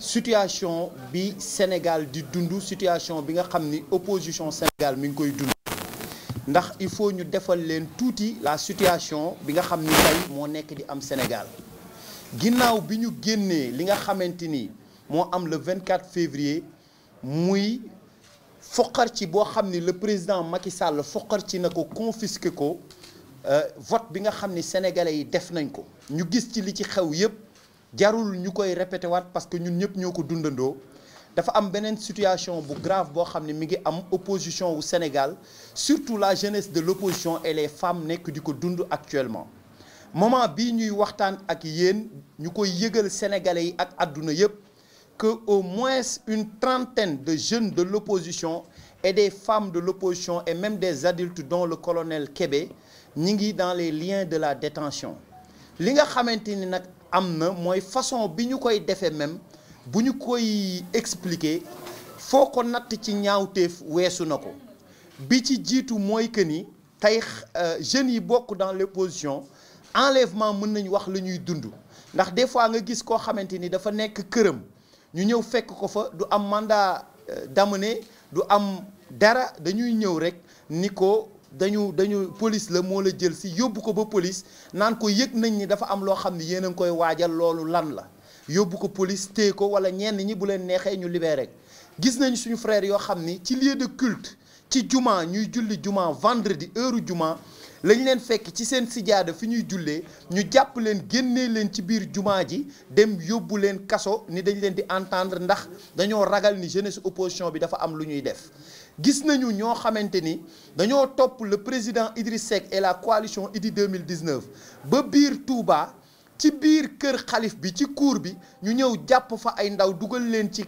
situation bi Sénégal di dund situation bi nga xam ni opposition Sénégal mi ngi koy dund ndax il faut ñu defal leen tuuti la situation bi nga xam ni tey moo nekk di am Sénégal ginnaaw bi ñu génnee li nga xamante ni moo am le 24 février muy foqar ci boo xam ni le président Macky Sall foqar ci na ko confisqué ko euh, vote bi nga xam ni sénégalais yi def nañ ko ñu gis ci li ci xew yépp jarul ñu koy répété waat parce que ñun ñëpp ñoo ko dundandoo dafa am beneen situation bu grave boo xam ne mi ngi am opposition wu Sénégal surtout la jeunesse de l'opposition et les femmes nekk di ko dund actuellement moment bii ñuy waxtaan ak yéen ñu koy yëgal sénégalais yi ak àdduna yépp que au moins une trentaine de jeunes de l'opposition et des femmes de l'opposition et même des adultes dont le colonel kebe ñi ngi dans les lien de la détention li nga xamante ni nag am na mooy façon bi ñu koy defee même bu ñu koy expliquer foo ko natt ci ñaawteef weesu na ko bi ci jiitu mooy que ni tey euh, jeunes yi bokk dans l'opposition enlèvement mën nañu wax lu ñuy dund ndax des fois nga gis koo xamante ni dafa nekk këram ñu ñëw fekk ko fa du am mandat euh, d'amener du am dara dañuy ñëw rek ni ko dañu dañu police la moo la jël si yóbbu ko ba police naan ko yëg nañ ñi dafa am loo xam ne yéen a ngi koy waajal loolu lan la yóbbu ko police téye ko wala ñenn ñi bu leen neexee ñu libéré rek gis nañ suñu frère yoo xam ni ci lieu de culte ci juma ñuy julli juma vendredi heure juma lañ leen fekk ci seen sijaada fi ñuy jullee ñu jàpp leen génnee leen ci biir jumaa ji dem yóbbu leen kaso ni dañ leen di entendre ndax dañoo ragal ni jeunesse opposition bi dafa am lu ñuy def gis nañu ñoo xamante ni dañoo topp le président Idriss Seck et la coalition Idy 2019 ba biir Touba ci biir kër xalif bi ci cour bi ñu ñëw jàpp fa ay ndaw dugal leen ci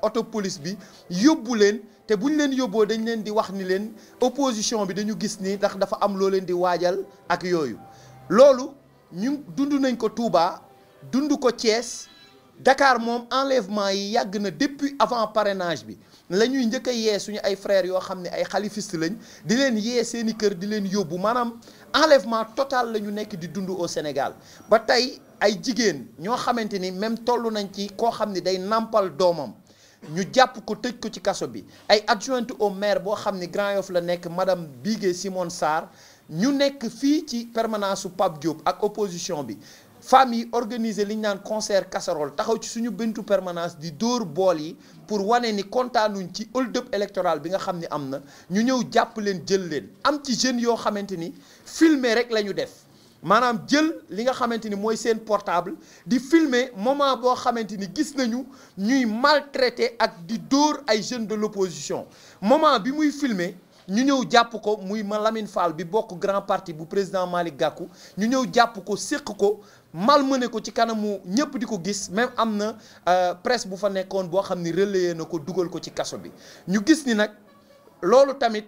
oto euh, police bi yóbbu leen te bu ñu leen yóbboo dañu leen di wax ni leen opposition bi dañu gis ni ndax dafa am loo leen di waajal ak yooyu loolu ñu dund nañ ko Touba dund ko Thiès Dakar moom enlèvement yi yàgg na depuis avant parrainage bi la ñuy njëkk a yee suñu ay frères yoo xam ne ay xalifiste lañ di leen yee seeni kër di leen yóbbu maanaam enlèvement total la ñu nekk di dund au Sénégal ba tey ay jigéen ñoo xamante ni même toll nañ ci koo xam ni day nàmpal doomam ñu jàpp ko tëj ko ci kaso bi ay adjointe au maire boo xam ni Grand Yoff la nekk madame Bigué Simone Sarr ñu nekk fii ci permanence su Pape Diop ak opposition bi femmes yi organiser li ñu naan concert casserole taxaw ci suñu bintu permanence di dóor bool yi pour wane ni kontaanuñ ci hold-up électoral bi nga xam ni am na ñu ñëw jàpp leen jël leen am ci jeunes yoo xamante ni filmer rek la ñu def. maanaam jël li nga xamante ni mooy seen portable di filmer moment boo xamante ni gis nañu ñuy maltraité ak di dóor ay jeunes de l'opposition moment bi muy filmer ñu ñëw jàpp ko muy ma Lamine bi bokk grand parti bu président Malick gàkku ñu ñëw jàpp ko séq ko malmené ko ci kanamu ñëpp di ko gis même am na euh, presse bu fa nekkoon boo xam ni relayé na ko dugal ko ci kaso bi ñu gis ni nag loolu tamit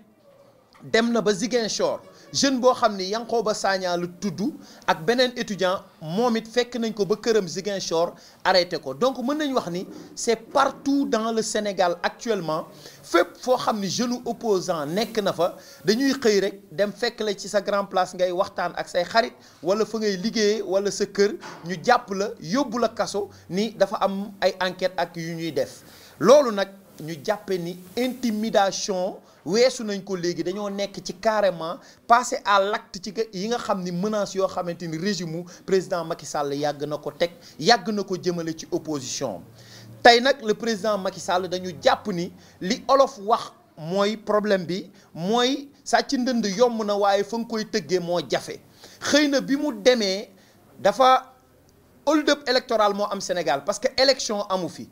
dem na ba Ziguinchor jeune boo xam ni Yankoba Sagna la tudd ak beneen étudiant moom it fekk nañ ko ba këram Ziguinchor arrêté ko donc mën nañ wax ni c'est partout dans le Sénégal actuellement fépp foo xam ni jeune opposant nekk na fa dañuy xëy rek dem fekk la ci sa grand place ngay waxtaan ak say xarit wala fa ngay liggéeyee wala sa kër ñu jàpp la yóbbu la kaso ni dafa am ay enquête ak yu ñuy def loolu nag ñu jàppe ni intimidation weesu nañ ko léegi dañoo nekk ci carrément passé à l'acte ci yi nga xam ni menace yoo xamante ni régime mu président Macky Sall yàgg na ko teg yàgg na ko jëmale ci opposition tey nag le président Macky Sall dañu jàpp ni li olof wax mooy problème bi mooy sàcc ndënd yomb na waaye fa nga koy tëggee moo jafe xëy na bi mu demee dafa hold up électoral moo am Sénégal parce que élection amu fi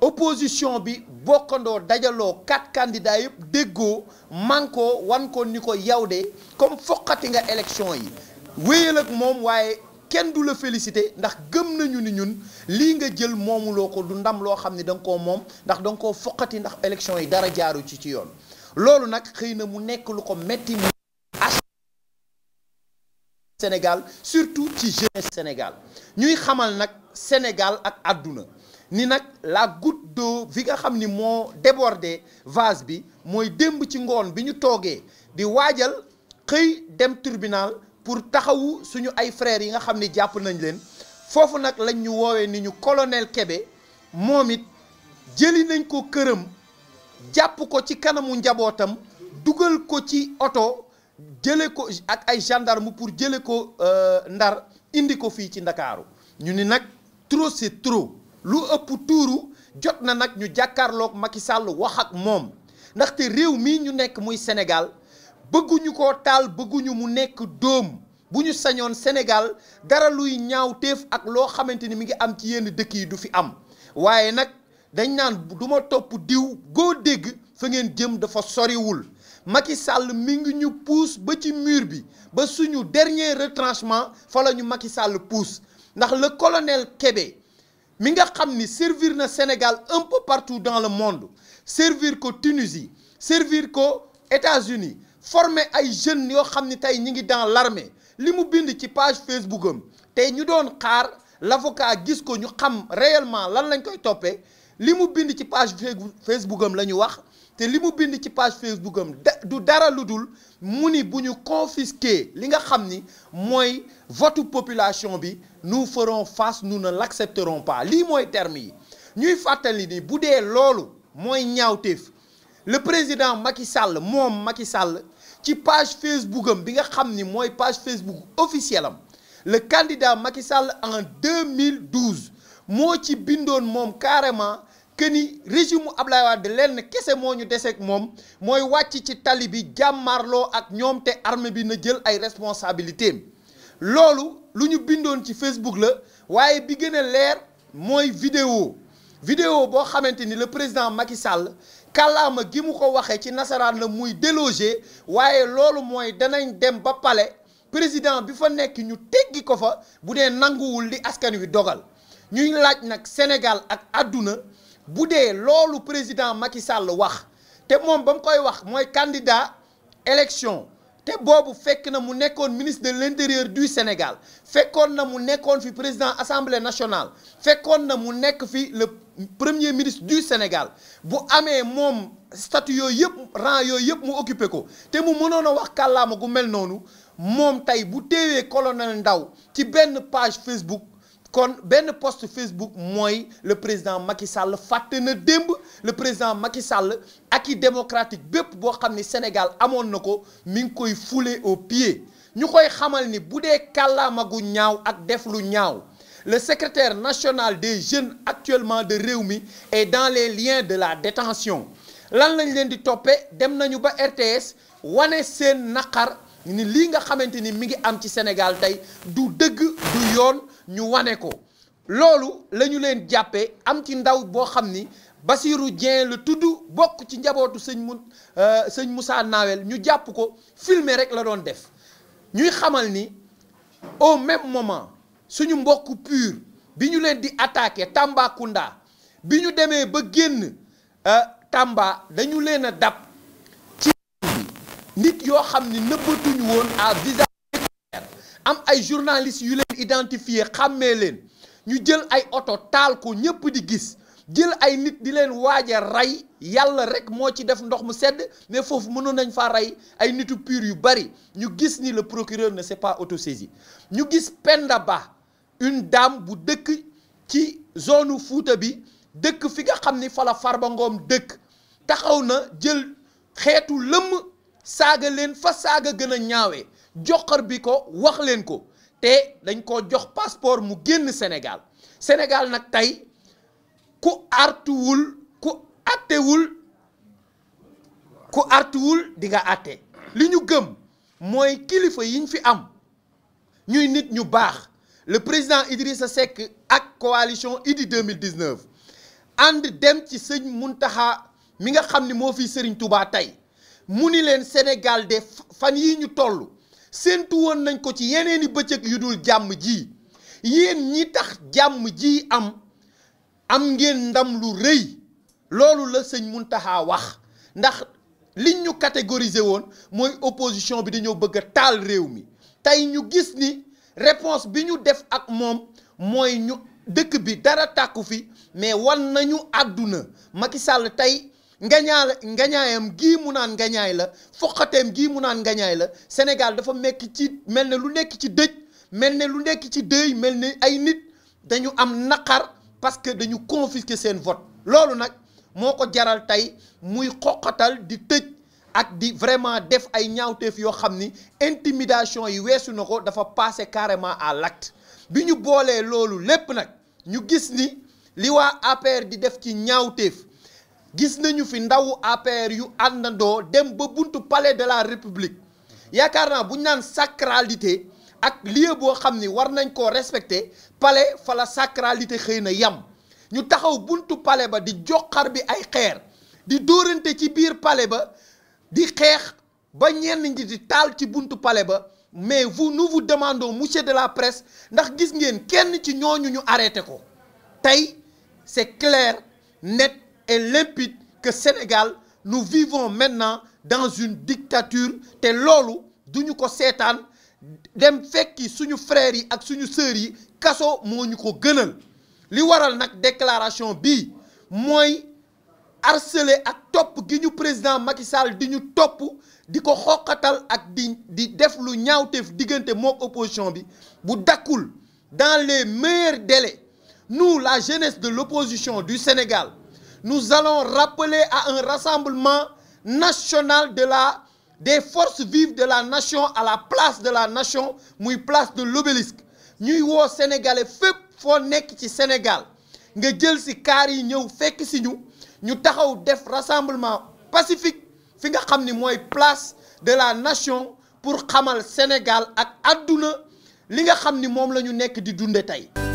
opposition bi bokkandoo dajaloo quatre candidats yëpp déggoo mànkoo wan ko ni ko yow de comme foqati nga élection yi wéyal ak moom waaye kenn du la félicité ndax gëm nañu ni ñun lii nga jël moomuloo ko du ndam loo xam ni da nga koo moom ndax danga nga koo foqati ndax élection yi dara jaaru ci ci yoon loolu nag xëy na mu nekk lu ko metti mu Sénégal surtout ci jeunesse Sénégal ñuy xamal nag Sénégal ak àdduna ni nag la goutte d'eau bi nga xam ni moo débordé vase bi mooy démb ci ngoon bi ñu toogee di waajal xëy dem tribunal pour taxawu suñu ay frères yi nga xam ni jàpp nañ leen foofu nag lañ ñu woowee ni ñu colonel kebe moom it jëli nañ ko këram jàpp ko ci kanamu njabootam dugal ko ci oto jële ko ak ay gendarme pour jële ko euh, ndar indi ko fii ci ndakaaru ñu ni nag trop c'est trop lu ëpp tuuru jot na nag ñu jàkkaarloog Macky Sall wax ak moom ndaxte réew mii ñu nekk muy Sénégal bëgguñu ko taal bëgguñu mu nekk doom bu ñu sañoon Sénégal dara luy ñaaw téef ak loo xamante ni mi ngi am ci yenn dëkk yi du fi am waaye nag dañ naan du topp diw goo dégg fa ngeen jëm dafa soriwul Macky Sall mi ngi ñu puus ba ci mur bi ba suñu dernier retranchement fa la ñu Macky Sall puus ndax la colonel kebe mi nga xam ni servir na Sénégal un peu partout dans le monde servir ko Tunisie servir ko États-Unis former ay jeunes yoo xam ni tey ñi ngi dans l'armée li mu bind ci page Facebook am tey ñu doon xaar l'avocat gis ko ñu xam réellement lan lañ koy toppee li mu bind ci page Facebook am la ñu wax te li mu bind ci page Facebook am du dara lu dul mu ni bu ñu confisquer li nga xam ni mooy votu population bi nu ferons face nu ne l'accepterons pas lii mooy terme yi ñuy fàttali ni bu dee loolu mooy ñaawteef le président Macky Sall moom Macky Sall ci page Facebook am bi nga xam ni mooy page Facebook officielle am le candidat Macky Sall en 2012 moo ci bindoon moom carrément que ni régime mu Ablaye Wade lenn kese moo ñu deseeg moom mooy wàcc ci tali bi jàmmarloo ak ñoom te armée bi na jël ay responsabilités loolu lu ñu bindoon ci Facebook la waaye bi gën leer mooy vidéo vidéo boo xamante ni le président Macky Sall kàllaama gi mu ko waxee ci nasaraan la muy délogé waaye loolu mooy danañ dem ba palais président bi fa nekk ñu teggi ko fa bu dee nanguwul li askan wi dogal ñuy laaj nag Sénégal ak àdduna bu dee loolu président Macky Sall wax te moom ba mu koy wax mooy candidat élection te boobu fekk na mu nekkoon ministre de l'intérieur du Sénégal fekkoon na mu nekkoon fi président assemblée national fekkoon na mu nekk fi le premier ministre du Sénégal bu amee moom statut yooyu yëpp rang yooyu yëpp mu occupé ko te mu mënoon a wax kàllaama gu mel noonu moom tey bu téewee colonel Ndaw ci benn page Facebook kon benn post Facebook mooy le président Macky Sall fàtte na démb le président Macky Sall acquis démocratique bépp boo xam ni Sénégal amoon na ko mi ngi koy foulé au pied ñu koy xamal ni bu dee kàllaamagu ñaaw ak def lu ñaaw le secrétaire national des jeunes actuellement de Rewmi est dans les de la détention lan lañ leen di toppee dem nañu ba RTS wane seen naqar ni lii nga xamante ni mi ngi am ci Sénégal tey du dëgg du yoon ñu wane ko loolu lañu leen jàppee am ci ndaw boo xam ni Basirou Dieng la tudd bokk ci njabootu sëñ mu euh, sëñ Moussa Nawel ñu jàpp ko filmer rek la doon def ñuy xamal ni au même moment suñu mbokk pur bi ñu leen di attaqué Tambacounda bi ñu demee ba génn euh, Tamba dañu leen a dab ci nit yoo xam ni nëbbatuñu woon à am ay journalistes yu leen identifié xàmmee leen ñu jël ay oto taal ko ñëpp di gis jël ay nit di leen waaj rey yàlla rek moo ci def ndox mu sedd mais foofu mënoon nañ faa rey ay nitu pur yu bari ñu gis ni la procureur ne s'est pas autosaisi ñu gis Penda Ba une bu dëkk ci zone Fuuta bi dëkk fi nga xam ni fala Farba Ngom dëkk taxaw na jël xeetu lëmm saaga leen fa saaga gën a ñaawee joxar bi ko wax leen ko te dañ ko jox passeport mu génn Sénégal Sénégal nag tey ku artuwul ku attewul dinga artuwul atte li ñu gëm mooy kilifa yi ñu fi am ñuy nit ñu baax le président Idrissa Seck ak coalition Idy 2019 ànd dem ci sëñ mun taxa mi nga xam ni moo fi Sëriñ Tuubaa tey mu ni leen Sénégal de fan yi ñu toll séentu woon nañ ko ci yeneeni bëccëg yu dul jàmm ji yéen ñi tax jàmm ji am am ngeen ndam lu rëy loolu la sëñ Muntaxa wax ndax liñ ñu catégoriser woon mooy opposition bi dañoo bëgg a taal réew mi tey ñu gis ni réponse bi ñu def ak moom mooy ñu dëkk bi dara tàkku fi mais wan nañu àdduna Macky sàll tey ngañaa ngañaayam gii mu naan ngañaay la foqateem gii mu naan ngañaay la Sénégal dafa mekk ci mel ne lu nekk ci dëj mel ne lu nekk ci dëj mel ni ay nit dañu am naqar parce que dañu confisquer seen vote loolu nag moo ko jaral tey muy xoqatal di tëj ak di vraiment def ay ñaawteef yoo xam ni intimidation yi weesu na ko dafa passé carrément à l'acte bi ñu boolee loolu lépp nag ñu gis ni li waa APR di def ci ñaawteef gis nañu fi ndawu APR yu àndandoo dem ba buntu pale de la république yaakaar naa buñ ñu naan sacralité ak lieu boo xam ni war nañ koo respecter pale fa la sacralité xëy na yam ñu taxaw buntu pale ba di joxar bi ay xeer di dóorante ci biir pale ba di xeex ba ñenn ñi di taal ci buntu pale ba mais vous nous demando demandons de la presse ndax gis ngeen kenn ci ñooñu ñu arrêté ko tey c'est clair net. et limpide que Sénégal nous vivons maintenant dans une dictature te loolu duñu ko seetaan dem fekki suñu frères yi ak suñu sœurs yi kaso moo ñu ko gënal li waral nag déclaration bi mooy harceler ak topp gi ñu président Macky Sall di ñu topp di ko xoqatal ak di di def lu ñaawteef diggante mook opposition bi bu dakkul dans les meilleurs délais nous la jeunesse de l'opposition du Sénégal nous allons rappeler à un rassemblement national de la des forces vives de la nation à la place de la nation muy place de l'obélisque ñuy woo sénégalais fépp foo nekk ci Sénégal nga jël si kaar yi ñëw fekk si ñu ñu taxaw def rassemblement pacifique fi nga xam ni mooy place de la nation pour xamal Sénégal ak àdduna li nga xam ni moom la ñu nekk di dunde tey